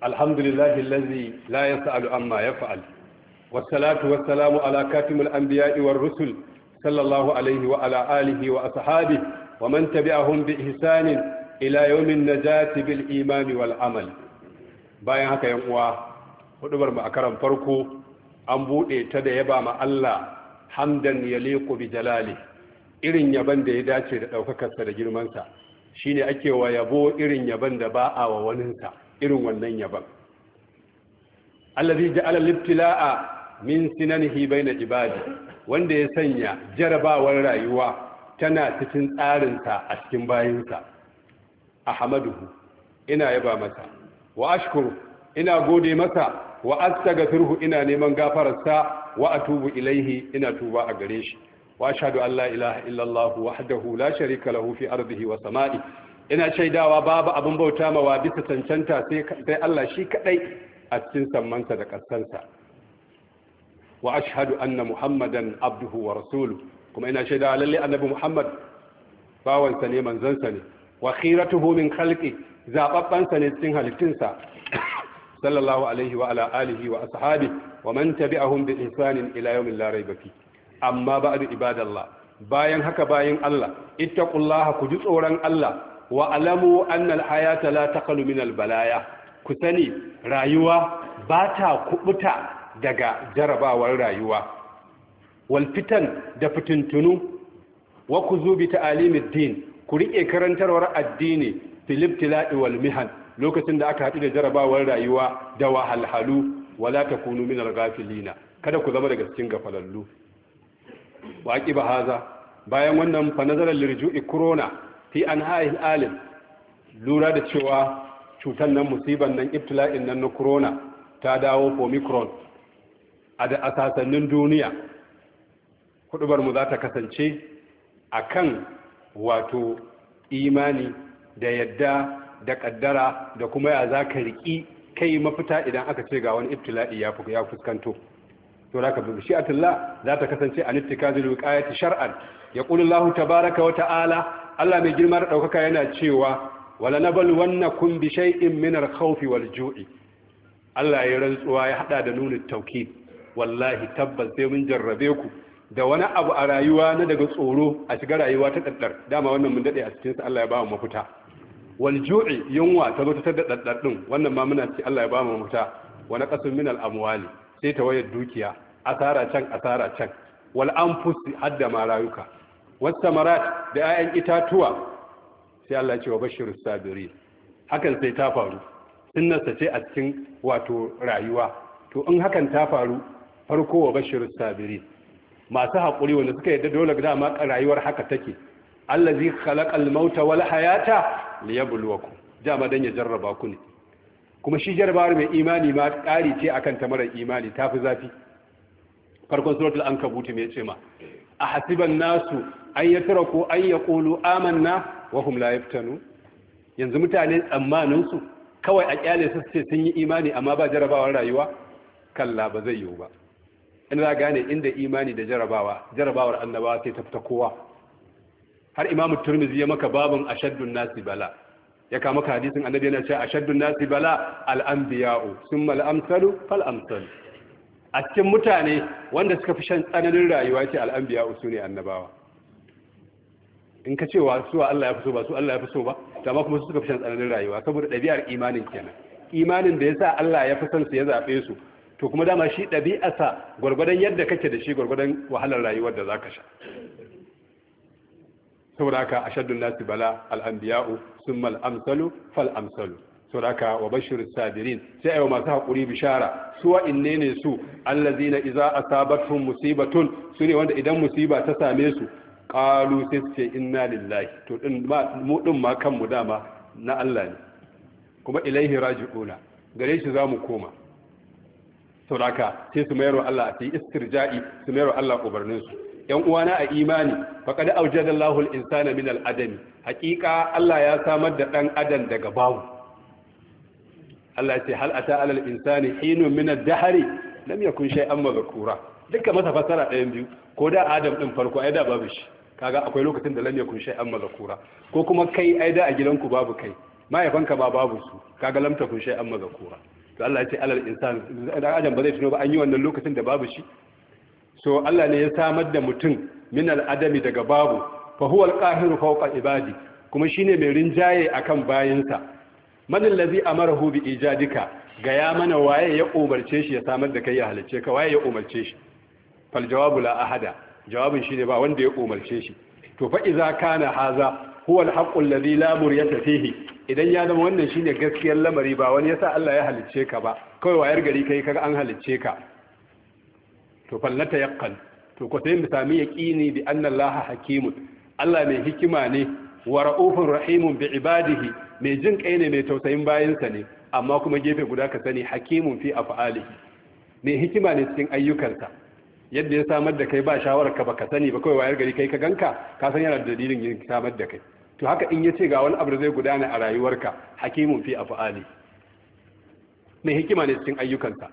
alhamdulillahi allazi la yas'alu amma fa'al Wasalatu wasalamu ala katimul anbiya'i war rusul sallallahu alaihi wa ala alihi wa ashabi wa man tabi'ahum bi ihsanin ila yawmin najati bil imani wal amal bayan haka yan uwa hudubar mu a karan farko an bude ta da yaba ma Allah hamdan yaliqu bi jalali irin yaban da ya dace da ɗaukakarsa da girman sa shine ake wa yabo irin yaban da ba a wa waninsa irin wannan yaban allazi ja'ala libtila'a min sinanihi baina ibadi wanda ya sanya jarabawar rayuwa tana cikin tsarinsa a cikin bayinsa ahmaduhu ina yaba masa wa ashkuru ina gode masa wa astaghfiruhu ina neman gafararsa wa atubu ilaihi ina tuba a gare shi wa ashhadu an la ilaha illallah wahdahu la sharika lahu fi ardihi wa sama'i ina shaidawa babu abin bauta mawa bisa cancanta sai Allah shi kadai a cikin sammansa da kassansa wa ashhadu anna muhammadan abduhu wa rasulu kuma ina shaidawa lalle annabi muhammad bawansa ne manzansa ne wa khiratuhu min khalqi zababbansa ne cikin halittunsa sallallahu alaihi wa ala alihi wa ashabi wa man tabi'ahum bi ihsanin ila yawmin la rayba fi amma ba'du ibadallah bayan haka bayan Allah ittaqullaha ku ji tsoron Allah wa alamu annal hayata la taqalu min al balaya ku sani rayuwa ba ta kubuta daga jarabawar rayuwa wal fitan da fitintunu wa ku zubi ta'alimid din ku rike karantarwar addini fil ibtila'i wal mihan lokacin da aka haɗu da jarabawar rayuwa da wahalhalu wala takunu min al ghafilina kada ku zama daga cikin gafalallu wa aqiba haza bayan wannan fa nazaral lirju'i corona fi an ha'il alim lura da cewa cutar nan musibar nan iftila'in nan na corona ta dawo omicron a da asasannin duniya kudubarmu za ta kasance a kan wato imani da yadda da kaddara da kuma ya za ka riƙi kai mafita idan aka ce ga wani iftila'i ya fuskanto to da ka bi za ta kasance a nittikazil shar'ar ya ƙulun Allah baraka wata ala. Allah mai girma da ɗaukaka yana cewa wala nabluwannakum bi shay'in min al-khawfi wal-ju'i Allah ya rantsuwa ya hada da nunin tauki wallahi tabbas sai mun jarrabe ku da wani abu a rayuwa na daga tsoro a shiga rayuwa ta daddar dama wannan mun dade a cikin sa Allah ya ba mu mafita wal ju'i yunwa ta zo ta da daddar din wannan ma muna ci Allah ya ba mu mafita Wani naqasun min al amwali sai ta wayar dukiya asara can asara can wal anfus hadda ma rayuka wasamarat da 'ya'yan itatuwa sai Allah ce wa bashir sabiri hakan sai ta faru sunnarsa ce a cikin wato rayuwa to in hakan ta faru farko wa bashir sabiri masu haƙuri wanda suka yadda dole da ma rayuwar haka take zai khalaqal mauta wal hayata liyabluwakum dama dan ya jarraba ku ne kuma shi jarrabawar mai imani ma ƙari ce akan ta marar imani tafi zafi farkon suratul ankabut me ce ma ahasiban nasu An ay an yi yaqulu amanna wa hum la yaftanu yanzu mutane tsammaninsu kawai a kyale su ce sun yi imani amma ba jarabawar rayuwa kalla ba zai yiwu ba in za gane inda imani da jarabawa jarabawar annabawa sai ta fita kowa har imamu turmizi ya maka babin ashaddun nasi bala ya kama ka hadisin annabi yana cewa ashaddun nasi bala al-anbiya'u thumma al-amsalu fal amsal a cikin mutane wanda suka fi shan tsananin rayuwa ce al-anbiya'u sune annabawa in ka cewa su Allah ya fi so ba su Allah ya fi so ba ta ba kuma su suka fi shan tsananin rayuwa saboda ɗabi'ar imanin kenan imanin da ya sa Allah ya fi son su ya zaɓe su to kuma dama shi ɗabi'arsa gwargwadon yadda kake da shi gwargwadon wahalar rayuwar da za ka sha saboda haka ashaddun nasi bala al'anbiya'u sun mal'amsalu fal saboda haka wa bashir sabirin sai ayo masu haƙuri bishara su wa inne ne su allazina iza asabatun musibatun su ne wanda idan musiba ta same su ƙalu sai ce inna lillahi to din mu din ma kanmu dama na Allah ne kuma ilaihi raji'una gare shi zamu koma sauraka sai su mayar wa Allah a istirja'i su mayar wa Allah ubarnin su yan uwana a imani faqad awjada Allahu al-insana min al-adami Allah ya samar da dan adam daga babu Allah ya ce hal ata alal insani hinun min ad miya lam yakun shay'an madhkura duka masa fasara ɗayan biyu ko da adam ɗin farko ai da babu shi kaga akwai lokacin da lam yakun shay'an kura? ko kuma kai ai da a gidanku babu kai mahaifanka ba babu su kaga lam takun shay'an kura? to Allah ya ce alal insan da adam ba zai tuno ba an yi wannan lokacin da babu shi so Allah ne ya samar da mutum min al adami daga babu fa huwa al qahiru fawqa ibadi kuma shine mai rinjaye akan bayinsa man allazi amarahu bi ijadika ga ya mana waye ya umarce shi ya samar da kai ya halice ka waye ya umarce shi fal jawabu la ahada jawabin shi ne ba wanda ya umarce shi to fa ka kana haza huwa alhaqqu lamur la tafi fihi idan ya zama wannan shine gaskiyar lamari ba wani yasa Allah ya halicce ka ba kai wayar gari kai kaga an halicce ka to fal natayaqqan to ko sai mu sami yaqini bi anna Allah hakimun Allah mai hikima ne wa ra'ufun rahimun bi ibadihi mai jin kai ne mai tausayin bayansa ne amma kuma gefe guda ka sani hakimun fi af'alihi mai hikima ne cikin ayyukansa yadda ya samar da kai ba shawarar ka baka sani ba kawai wayar gari kai ka ganka ka san yana da dalilin yin samar da kai to haka in ya ce ga wani abu da zai gudana a rayuwarka hakimun fi af'ali mai hikima ne cikin ayyukansa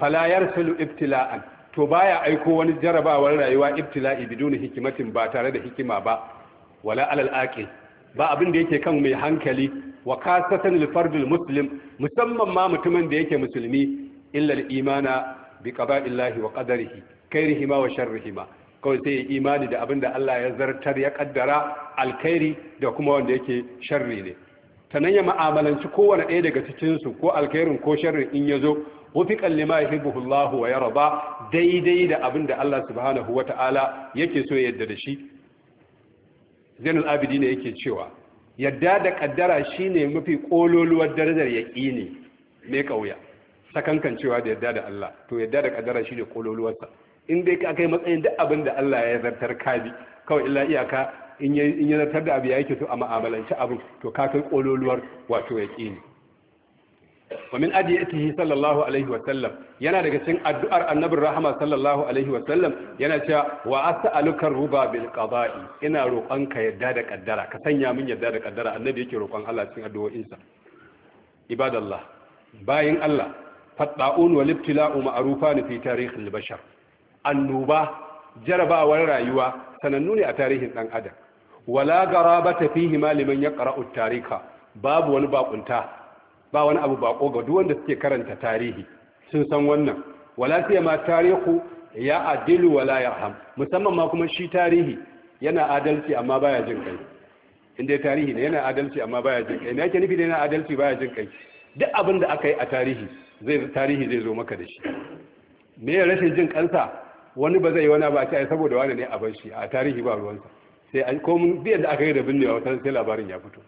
fala yarsilu ibtila'an to baya aiko wani jarabawar rayuwa ibtila'i biduni hikimatin ba tare da hikima ba wala alal aqil ba abin da yake kan mai hankali wa kasatan lil fardil muslim musamman ma mutumin da yake musulmi illa al imana bi qada'illahi wa qadarihi khairihima wa sharrihima kawai sai ya imani da abinda Allah ya zartar ya kaddara alkhairi da kuma wanda yake sharri ne tanan ya ma'amalanci kowane ɗaya daga cikin su ko alkhairin ko sharrin in yazo wufiqan lima yuhibbuhu Allahu wa yarda daidai da abinda Allah subhanahu wata'ala yake so yadda da shi Zainul Abidin yake cewa yadda da kaddara shine mafi kololuwar darajar yaqini mai kauya cewa da yadda da Allah to yadda da kadara shi ne kololuwarsa in dai ka kai matsayin duk abin da Allah ya zartar kabi kawai illa iyaka in ya zartar da abu ya yake to a ma'amalanci abin to ka kai kololuwar wato ya ƙi ne wa min adiyatihi sallallahu alaihi wa sallam yana daga cikin addu'ar annabin rahama sallallahu alaihi wa sallam yana cewa wa as'aluka ruba bil qada'i ina roƙon ka yadda da kaddara ka sanya min yadda da kaddara annabi yake roƙon Allah cikin addu'o'insa ibadallah bayin Allah fadda'un wal ibtila'u ma'rufan fi tarikh al bashar annuba jarabawar rayuwa sanannu ne a tarihin dan adam wala garabata fihi ma liman yaqra'u tarika babu wani bakunta ba wani abu bako ga duk wanda suke karanta tarihi sun san wannan wala ma tarihu ya adilu wala yarham musamman ma kuma shi tarihi yana adalci amma baya jin kai inda tarihi ne yana adalci amma baya jin kai me yake nufi da yana adalci baya jin kai duk abin da aka yi a tarihi zai tarihi zai zo maka da shi me ya rashin jin kansa wani ba zai yi wani ba a saboda wani ne a bar shi a tarihi ba ruwansa sai an komun biyan da aka yi da binne wata sai labarin ya fito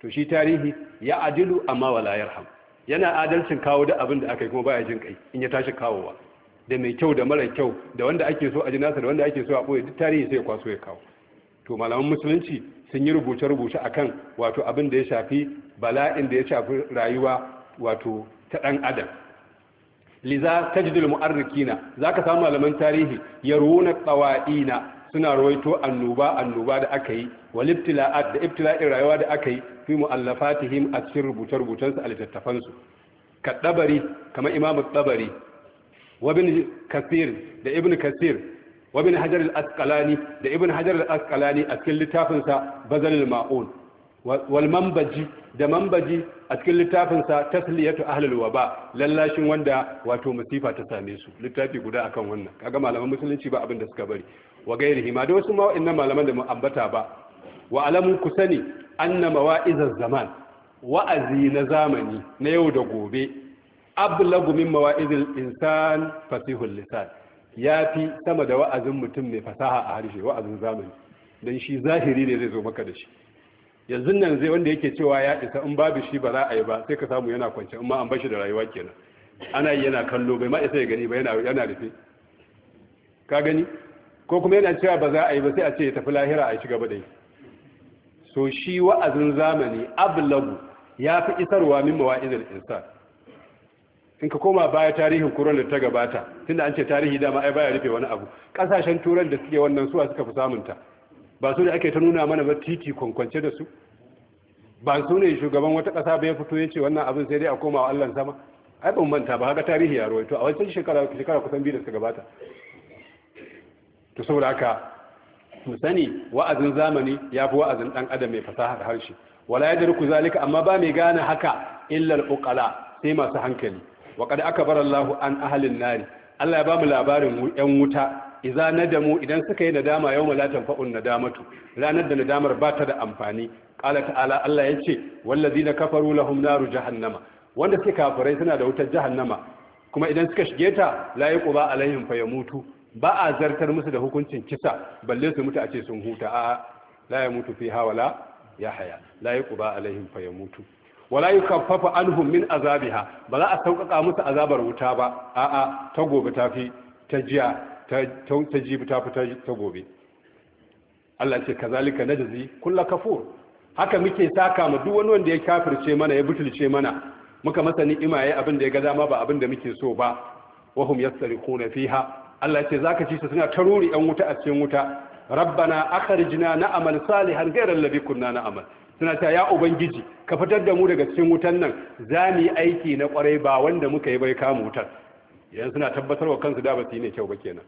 to shi tarihi ya adilu amma wala yarham yana adalcin kawo da abin da aka yi kuma baya jin kai in ya tashi kawowa da mai kyau da mara kyau da wanda ake so a ji nasa da wanda ake so a ɓoye duk tarihi sai ya kwaso ya kawo to malaman musulunci sun yi rubuce-rubuce akan wato abin da ya shafi bala'in da ya shafi rayuwa wato ta ɗan adam liza tajdul za zaka samu malaman tarihi yaruna tsawaina suna rawaito annuba annuba da aka yi wal da ibtila'in rayuwa da aka yi fi mu'allafatihim a cikin rubuce rubucen a littattafan su kamar imamu dabari kasir da ibn kasir wa hajar da ibn hajar al a cikin littafin sa maun wal da mambaji a cikin littafinsa tasliyatu ahlul waba lallashin wanda wato musifa ta same su littafi guda akan wannan kaga malaman musulunci ba abin da suka bari wa gairihi ma da wasu ma malaman da mu ambata ba wa alamu ku sani anna mawa'izaz zaman wa'azi na zamani na yau da gobe ablagu min mawa'izil insan fasihul lisan yafi sama da wa'azin mutum mai fasaha a harshe wa'azin zamani dan shi zahiri ne zai zo maka da shi yanzu nan zai wanda yake cewa ya isa in babu shi ba za a yi ba sai ka samu yana kwance amma an bashi da rayuwa kenan ana yi yana kallo bai ma isa ya gani ba yana yana rufe ka gani ko kuma yana cewa ba za a yi ba sai a ce ya tafi lahira a ci gaba da so shi wa'azin zamani ablagu ya fi isarwa min mawa'izul insa in ka koma baya tarihin kuran da ta gabata tunda an ce tarihi dama ai baya rufe wani abu kasashen turan da suke wannan suwa suka fi samunta ba su da ake ta nuna mana ba titi kwankwance da su ba su ne shugaban wata ƙasa bai fito ya ce wannan abin sai dai a koma wa Allah sama ai ban manta ba haka tarihi ya rawaito a wancan shekara shekara kusan biyu da suka gabata to saboda haka mu sani wa'azin zamani ya fi wa'azin dan adam mai fasahar harshe wala yadruku zalika amma ba mai gane haka illa al sai masu hankali wa aka akbara Allahu an ahlin nari Allah ya ba mu labarin yan wuta iza nadamu idan suka yi nadama yau malatan fa'un nadamatu ranar da nadamar ba ta da amfani Kala ta'ala Allah ya ce wallazi na kafaru lahum naru jahannama wanda suke kafirai suna da wutar jahannama kuma idan suka shige ta la ba alaihim fa yamutu ba a zartar musu da hukuncin kisa balle su mutu a ce sun huta a la yamutu fiha wala yahya la yi quba alaihim fa yamutu wala yukaffafu anhum min azabiha ba za a sauƙaƙa musu azabar wuta ba a'a ta gobe tafi ta jiya ta jibi ta fita ta gobe Allah ce kazalika jazi kullu kafur haka muke saka ma duk wani wanda ya kafirce mana ya butulce mana muka masa ni'ima yayi abin da ya ga ma ba abin da muke so ba wahum fi ha. Allah ce zaka ci su suna taruri yan wuta a cikin wuta rabbana akhrijna na'mal salihan ghayra alladhi kunna na'mal suna ta ya ubangiji ka fitar da mu daga cikin wutan nan za mu yi aiki na kwarai ba wanda muka yi bai kama wutar yanzu suna tabbatar wa kansu da ba su yi ne kyau ba kenan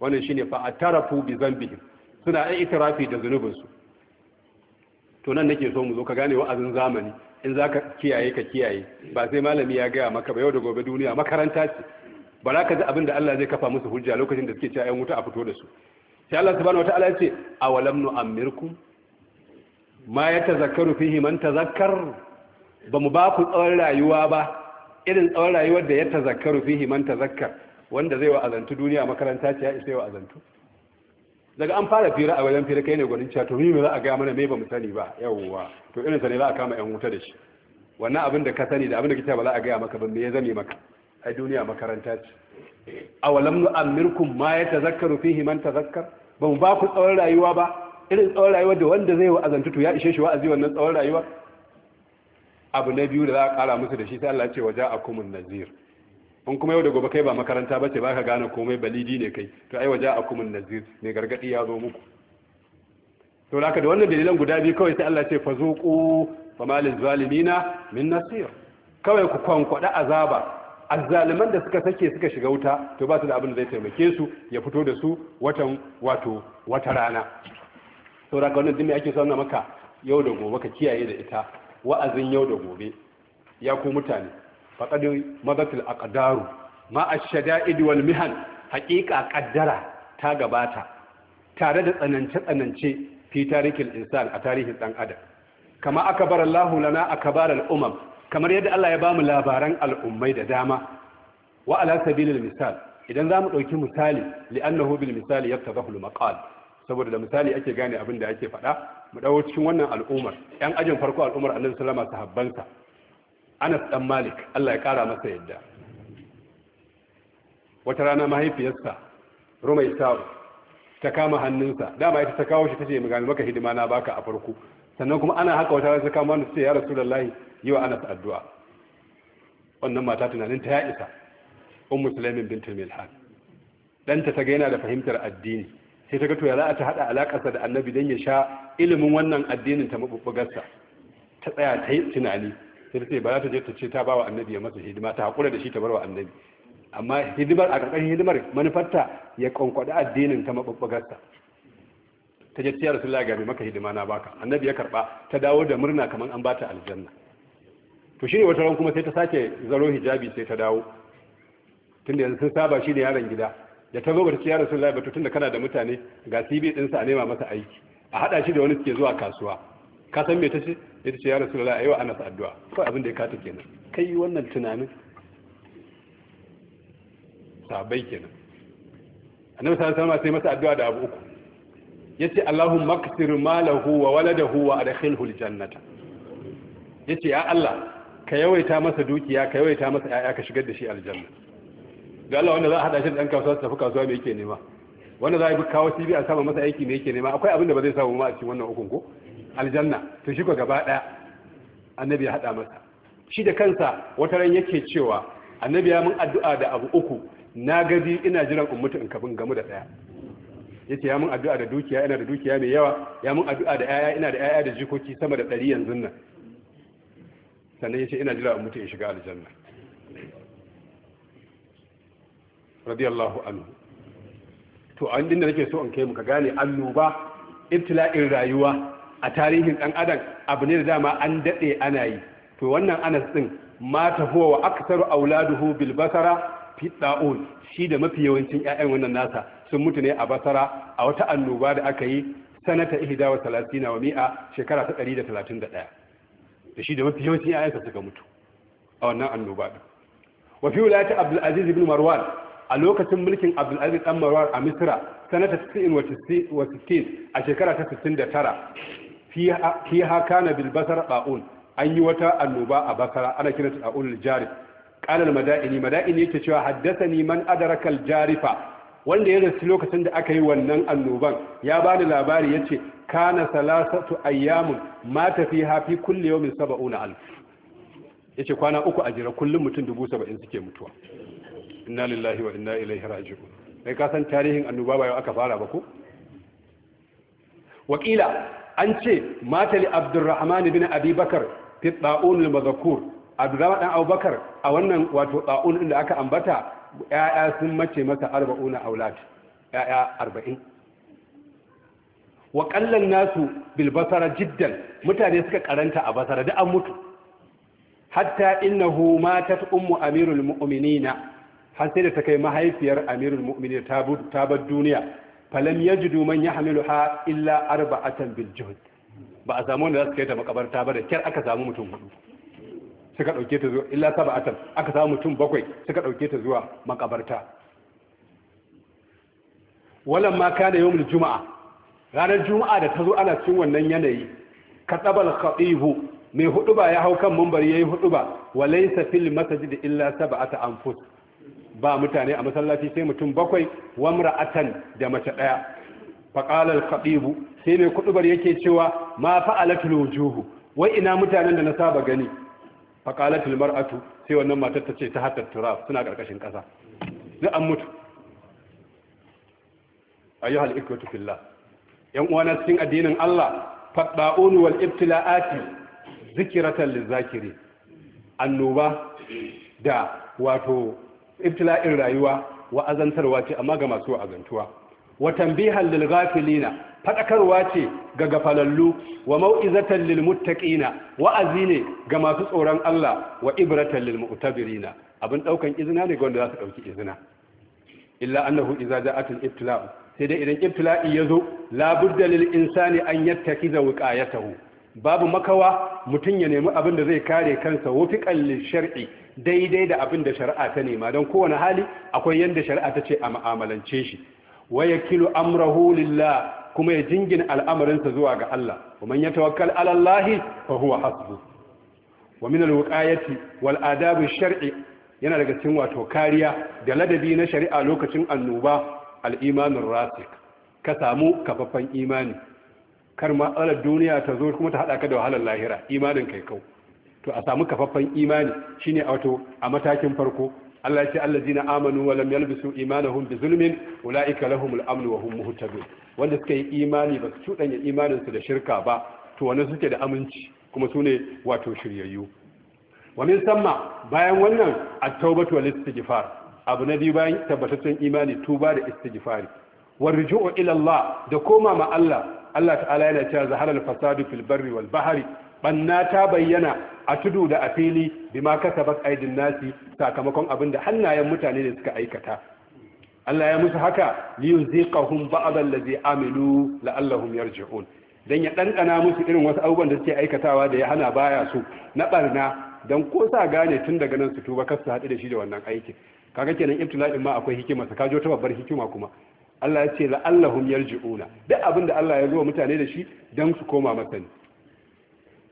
wannan shine fa atarafu bi zambihim suna ai itirafi da zunubinsu to nan nake so mu zo ka gane wa'azin zamani in za ka kiyaye ka kiyaye ba sai malami ya gaya maka ba yau da gobe duniya makaranta ce ba za ka ji abin da Allah zai kafa musu hujja lokacin da suke cewa ‘yan wuta a fito da su sai Allah subhanahu wata'ala ya ce awalam walam amirku ma yatazakkaru fihi man tazakkar ba mu ba ku tsawon rayuwa ba irin tsawon rayuwar da ya tazakkaru fihi man tazakkar wanda zai wa azantu duniya makaranta ce ya isa wa azantu daga an fara fira a wajen fira kai ne gwanin cewa to ni me za a ga mana me ba mu sani ba yawwa to irin sa ne za a kama yan wuta da shi wannan abin da ka sani da abin da kike ba za a ga maka ba me ya zame maka ai duniya makaranta ce A awalam nu'ammirkum ma ya yatazakkaru fihi man tazakkar ba mu ba ku tsawon rayuwa ba irin tsawon rayuwa da wanda zai wa azantu to ya ishe shi wa'azi wannan tsawon rayuwa abu na biyu da za a kara musu da shi sai Allah ce waje akumun nazir in kuma yau da gobe kai ba makaranta ba ce baka gane komai balidi ne kai to ai waje akumun nazir mai gargadi ya zo muku to laka da wannan dalilan guda biyu kawai sai Allah ce fazuqu famalil zalimina min nasir kawai ku kwankwada azaba azzaliman da suka sake suka shiga wuta to ba su da abin da zai taimake su ya fito da su watan wato wata rana saboda ka wannan dimi ake sauna maka yau da gobe ka kiyaye da ita wa'azin yau da gobe ya ku mutane faƙadin mazatul aqdaru ma ash-shada'id wal mihan haƙiƙa ƙaddara ta gabata tare da tsanance tsanance fi tarikin insan a tarihin ɗan adam kama aka Allahu lana akbar al-umam kamar yadda Allah ya bamu labaran al'ummai da dama wa ala sabilil misal idan zamu ɗauki misali li'annahu bil misali yaftadahu al-maqal saboda da misali ake gane abin da ake faɗa mu dawo cikin wannan al'ummar yan ajin farko al'ummar annabi sallama sahabbansa Anas dan Malik Allah ya kara masa yadda wata rana mahaifiyarsa Rumaisa'u ta kama hannunsa dama ita ta kawo shi tace mu gane maka hidima na baka a farko sannan kuma ana haka wata rana ta kama hannunsa ya Rasulullahi yi wa Anas addu'a wannan mata tunanin ta ya isa ummu sulaimin bintul milhan danta ta ga yana da fahimtar addini sai ta ga to ya za ta hada alakarsa da annabi don ya sha ilimin wannan addinin ta mabubbugarsa ta tsaya ta yi tunani sai ta ba za ta je ta ce ta ba wa annabi ya masa hidima ta haƙura da shi ta bar wa annabi amma hidimar a ƙarƙar hidimar manufarta ya kwankwada addinin ta mabubbugarsa ta je tiyar rasulullahi ga maka hidima na baka annabi ya karɓa ta dawo da murna kamar an bata aljanna to shine wata ran kuma sai ta sake zaro hijabi sai ta dawo tunda yanzu sun saba shi ne yaron gida da ta zo ba ta ce ya rasulullahi ba tun da kana da mutane ga CV ɗinsa a nema masa aiki a haɗa shi da wani suke zuwa kasuwa ka san me ta ce ya ta ce ya a yi wa anas addu'a ko abin da ya kata kenan kai wannan tunanin sabai kenan annabi sallallahu alaihi wasallam sai masa addu'a da abu uku yace allahumma kasir malahu wa waladahu wa adkhilhu aljannata yace ya allah ka yawaita masa dukiya ka yawaita masa 'ya'ya ka shigar da shi aljanna da Allah wanda za a hada shi da ɗan kasuwa su tafi kasuwa mai yake nema wanda za a kawo cibi a samun masa aiki mai yake nema akwai abin da ba zai samu ma a cikin wannan ukun ko aljanna to shi ko gaba ɗaya annabi ya hada masa shi da kansa wata ran yake cewa annabi ya mun addu'a da abu uku na gaji ina jiran in mutu in kafin gamu da ɗaya yace ya mun addu'a da dukiya ina da dukiya mai yawa ya mun addu'a da 'ya'ya ina da 'ya'ya da jikoki sama da ɗari yanzu nan sannan yace ina jira in mutu in shiga aljanna radiyallahu anhu to a inda nake so in kai mu ka gane annoba ibtila'in rayuwa a tarihin dan adam abu ne da dama an dade ana yi to wannan anas din mata huwa wa aktaru auladuhu bil basara fi da'un shi da mafi yawancin ƴaƴan wannan nasa sun mutu ne a basara a wata annoba da aka yi sanata 31 wa mi'a shekara ta 131 da shi da mafi yawancin ƴaƴansa suka mutu a wannan annoba wa fi abdul aziz ibn marwan a lokacin mulkin abdulaziz dan marwan a misra sanata 1960 a shekara ta 69 fi haka na bilbasar ba'un an yi wata annoba a basara ana kira ta ba'un jarif kanar mada'ini mada'ini yake cewa haddasa man adarakal jarifa wanda ya rasu lokacin da aka yi wannan annoban ya bani labari yace kana salasatu ayyamun ma tafi hafi kulle yau min saba'una ya ce kwana uku a jira kullum mutum dubu saba'in suke mutuwa inna lillahi wa inna ilaihi raji'un kai ka san tarihin annoba ba yau aka fara ba ko wakila an ce matali abdurrahman ibn abi bakar fi ta'un al-madhkur abdurrahman dan abubakar a wannan wato ta'un inda aka ambata ya'ya sun mace masa 40 aulad ya'ya 40 wa qallan nasu bilbasara jiddan mutane suka karanta a basara da an mutu hatta innahu matat ummu amirul mu'minina har sai da ta kai mahaifiyar amirul mu'minin ta bar duniya falam yajidu man yahmiluha illa arba'atan bil juhd ba a samu wanda za su kai ta makabarta ba da kyar aka samu mutum hudu suka dauke ta zuwa illa saba'atan aka samu mutum bakwai suka dauke ta zuwa makabarta walan ma kana yawmul juma'a ranar juma'a da ta zo ana cikin wannan yanayi ka tsabal khatibu mai huduba ya hau kan mambari yayi huduba walaysa fil masjid illa sab'ata anfus ba mutane a masallaci sai mutum bakwai wa mura'atan da mace daya faqala al sai mai kudubar yake cewa ma fa'alatul wujuhu wai ina mutanen da na saba gani faqalatul mar'atu sai wannan matar ta ce ta hatta turab suna karkashin kasa ni an mutu ayyuha al-ikwatu fillah yan uwana cikin addinin Allah fadda'un wal ibtila'ati zikratan lizakiri annoba da wato ibtila'in rayuwa wa'azantarwa ce amma ga masu wa'azantuwa wa tambihan lil ghafilina fadakarwa ce ga gafalallu wa mau'izatan lil muttaqina wa'azi ne ga masu tsoron Allah wa ibratan lil mu'tabirina abin daukan izina ne ga wanda za su dauki izina illa annahu idza ja'at al ibtila' sai dai idan ibtila'i yazo la budda lil insani an yattakiza wiqayatahu babu makawa mutum ya nemi abin da zai kare kansa wufiƙan lishar'i daidai da abin da shari'a ta nema don kowane hali akwai yadda shari'a ta ce a ma'amalance shi waya kilo amrahu lillah kuma ya jingina al'amarinsa zuwa ga Allah ya alallahi fa huwa الله wa حسبه ومن wal والاداب الشرعي yana daga cikin wato kariya da ladabi na shari'a lokacin annuba al-imanur rasik ka samu kafaffan imani kar matsalar duniya ta zo kuma ta haɗa ka da wahalar lahira imanin kai kau to a samu kafaffan imani shine a wato a matakin farko Allah ya ce allazina amanu wa lam yalbisu imanahum bi zulmin ulaika lahumul amn wa hum muhtadun wanda suka yi imani ba su cudanya imanin su da shirka ba to wannan suke da aminci kuma su ne wato shiryayyu wa min samma bayan wannan at-taubatu wal istighfar abu na biyu bayan tabbataccen imani tuba da istighfari wa ruju'u ila Allah da koma ma Allah Allah ta'ala yana cewa zahara al-fasadu fil barri wal bahri banna ta bayyana a tudu da a fili ma kasabat aidin nasi sakamakon abin da hannayen mutane ne suka aikata Allah ya musu haka li yuziqahum ba'd allazi amilu la'allahum yarji'un dan ya ɗanɗana musu irin wasu abubuwan da suke aikatawa da ya hana baya su na barna dan ko sa gane tun daga nan su tuba kasu hadu haɗu da shi da wannan aikin kaga kenan ibtila'in ma akwai hikima sa kajo ta babbar hikima kuma Allah ya ce la'allahum yarji'una duk abin da Allah ya zo mutane da shi dan su koma masa ne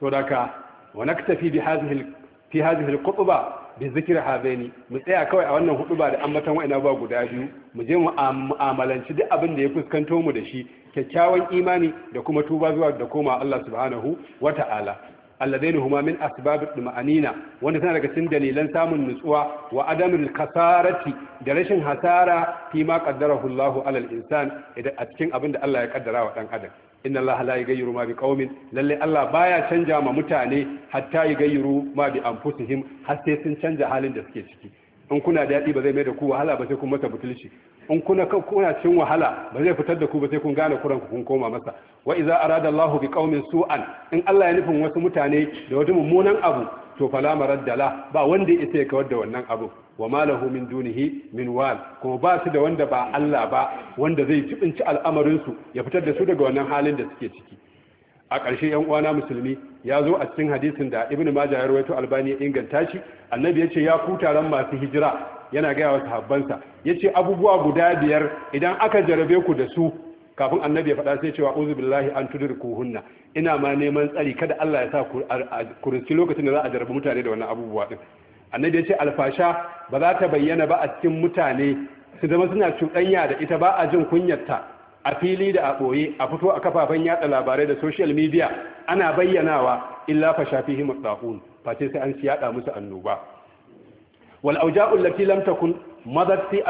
to daga wa naktafi bi hadhihi fi hadhihi al-qutba bi zikri hadaini mu tsaya kawai a wannan huduba da ambatan wa'ina ba guda biyu mu je mu mu'amalanci duk abin da ya fuskanto mu da shi kyakkyawan imani da kuma tuba zuwa da koma Allah subhanahu wata'ala alladaini huma min asbabid dumanina wanda tana daga cikin dalilan samun nutsuwa wa adamul kasarati da rashin hasara fi ma qaddarahu ala alal insan idan a cikin abin da Allah ya kaddara wa dan adam inna Allah la yughayyiru ma biqaumin lalle Allah baya canja ma mutane hatta yughayyiru ma bi anfusihim har sai sun canja halin da suke ciki in kuna daɗi ba zai mai da ku wahala ba sai kun masa butulci in kuna kuna cikin wahala ba zai fitar da ku ba sai kun gane kuran ku kun koma masa wa iza arada Allah bi qaumin su'an in Allah ya nufin wasu mutane da wata mummunan abu to fala maraddala ba wanda ya isa ya kawar da wannan abu wa malahu min dunihi min wal kuma ba su da wanda ba Allah ba wanda zai tubinci al'amarin su ya fitar da su daga wannan halin da suke ciki a ƙarshe yan uwana musulmi ya zo a cikin hadisin da ibnu majah ya rawaito albani ya inganta shi annabi ya ce ya ku taron masu hijira yana gaya wa sahabbansa ce abubuwa guda biyar idan aka jarabe ku da su kafin annabi ya faɗa sai cewa uzu billahi an ku hunna ina ma neman tsari kada Allah ya sa ku lokacin da za a jarabi mutane da wannan abubuwa din annabi ya ce alfasha ba za ta bayyana ba a cikin mutane su zama suna cuɗanya da ita ba a jin kunyarta a fili da a ɓoye a fito a kafafen yatsa labarai da social media ana bayyanawa illa fa shafihi mutaqun face sai an yaɗa musu annoba wal auja'u allati lam takun madat fi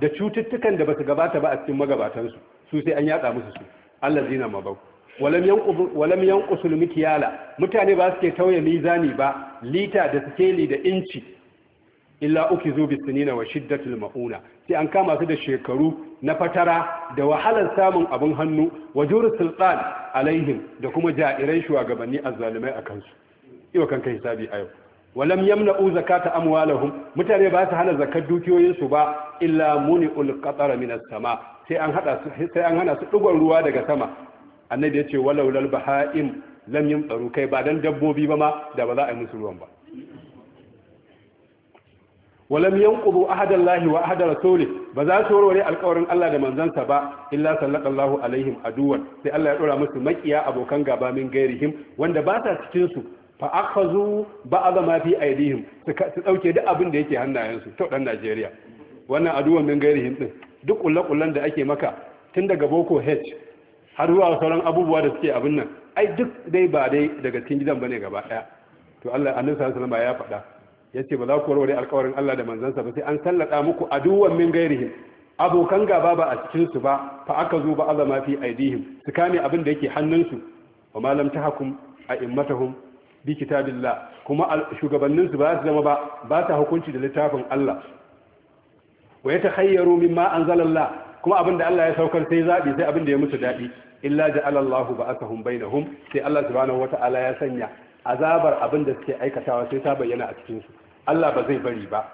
da cututtukan da basu gabata ba a cikin magabatan su su sai an yatsa musu su allazina mabau walam yanqud walam yanqusul mikyala mutane ba su ke tauye mizani ba lita da sikeli da inci illa ukizu sinina wa shiddatul mauna sai an kama su da shekaru na fatara da wahalar samun abin hannu wa juru sultan alaihim da kuma ja'irai shugabanni azzalimai akan su iwa kanka hisabi a yau walam yamna'u zakata amwalahum mutane ba su hana zakar dukiyoyinsu ba illa muni'ul qatara minas sama sai an hana su dugon ruwa daga sama annabi yace walau lal baha'im lam tsaro kai ba dan dabbobi ba ma da ba za a yi musu ruwan ba walam yanqudu ahada Allah wa ahada rasulih ba za su warware alƙawarin Allah da manzansa ba illa sallallahu alaihim aduwan sai Allah ya dora musu makiya abokan gaba min gairihim wanda ba sa cikin su fa akhazu ba'd ma fi aidihim suka dauke duk abin da yake hannayensu to dan Najeriya wannan aduwan min gairihim din duk kullakullan da ake maka tun daga Boko H har zuwa sauran abubuwa da suke abin nan ai duk dai ba dai daga cikin gidan bane gaba daya to Allah annabi sallallahu alaihi wasallam ya faɗa yace ba za ku warware alƙawarin Allah da manzansa ba sai an sallada muku aduwan min gairihim abokan gaba ba a cikin su ba fa aka zo ba azama fi aidihim su kame abin da yake hannunsu wa malam tahakum a immatahum bi billa kuma shugabannin su ba su zama ba ba ta hukunci da littafin Allah wa yatakhayyaru mimma anzalallah kuma abinda Allah ya saukar sai zabi sai abinda ya mutu dadi illa ja'ala Allahu ba'athahum bainahum sai Allah subhanahu wata'ala ya sanya azabar abinda suke aikatawa sai ta bayyana a cikin su Allah ba zai bari ba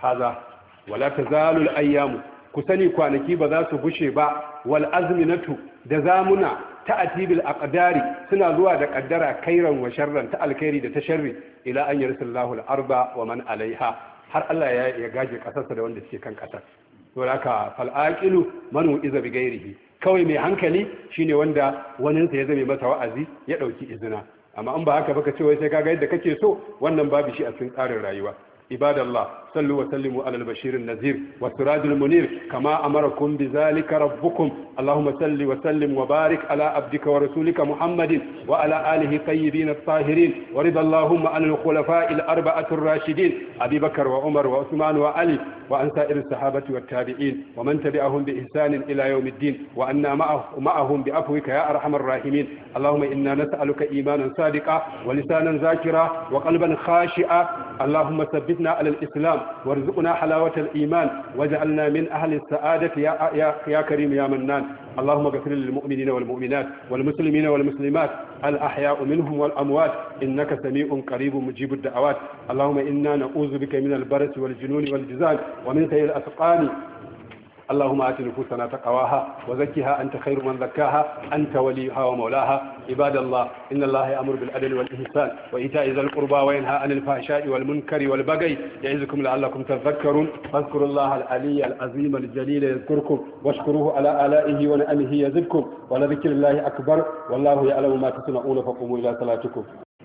haza wala tazalu al-ayyamu ku sani kwanaki ba za su bushe ba wal azminatu da zamuna ta atibil aqdari suna zuwa da kaddara kairan wa sharran ta alkhairi da ta sharri ila an yarsallahu al Arba wa man alaiha har Allah ya ya gaje kasarsa da wanda suke kan kasar to haka fal aqilu man wa'iza bi ghairihi kawai mai hankali shine wanda waninsa ya zame masa wa'azi ya dauki izina amma in ba haka baka ce wai sai kaga yadda kake so wannan babu shi a cikin tsarin rayuwa عباد الله صلوا وسلموا على البشير النذير والسراج المنير كما أمركم بذلك ربكم اللهم صل وسلم وبارك على عبدك ورسولك محمد وعلى آله الطيبين الطاهرين ورضى اللهم عن الخلفاء الأربعة الراشدين أبي بكر وعمر وعثمان وعلي وعن سائر الصحابة والتابعين ومن تبعهم بإحسان إلى يوم الدين وأنا معهم بعفوك يا أرحم الراحمين اللهم إنا نسألك إيمانا صادقا ولسانا ذاكرا وقلبا خاشعا اللهم ثبتنا على الإسلام وارزقنا حلاوة الإيمان واجعلنا من أهل السعادة يا, يا, يا كريم يا منان اللهم اغفر للمؤمنين والمؤمنات والمسلمين والمسلمات الأحياء منهم والأموات إنك سميع قريب مجيب الدعوات اللهم إنا نعوذ بك من البرس والجنون والجزال ومن سيء الأسقان اللهم آت نفوسنا تقواها وزكها أنت خير من زكاها أنت وليها ومولاها عباد الله إن الله يأمر بالعدل والإحسان وإيتاء ذي القربى وينهى عن الفحشاء والمنكر والبغي يعظكم لعلكم تذكرون فاذكروا الله العلي العظيم الجليل يذكركم واشكروه على آلائه ونعمه يزدكم ولذكر الله أكبر والله يعلم ما تصنعون فقوموا إلى صلاتكم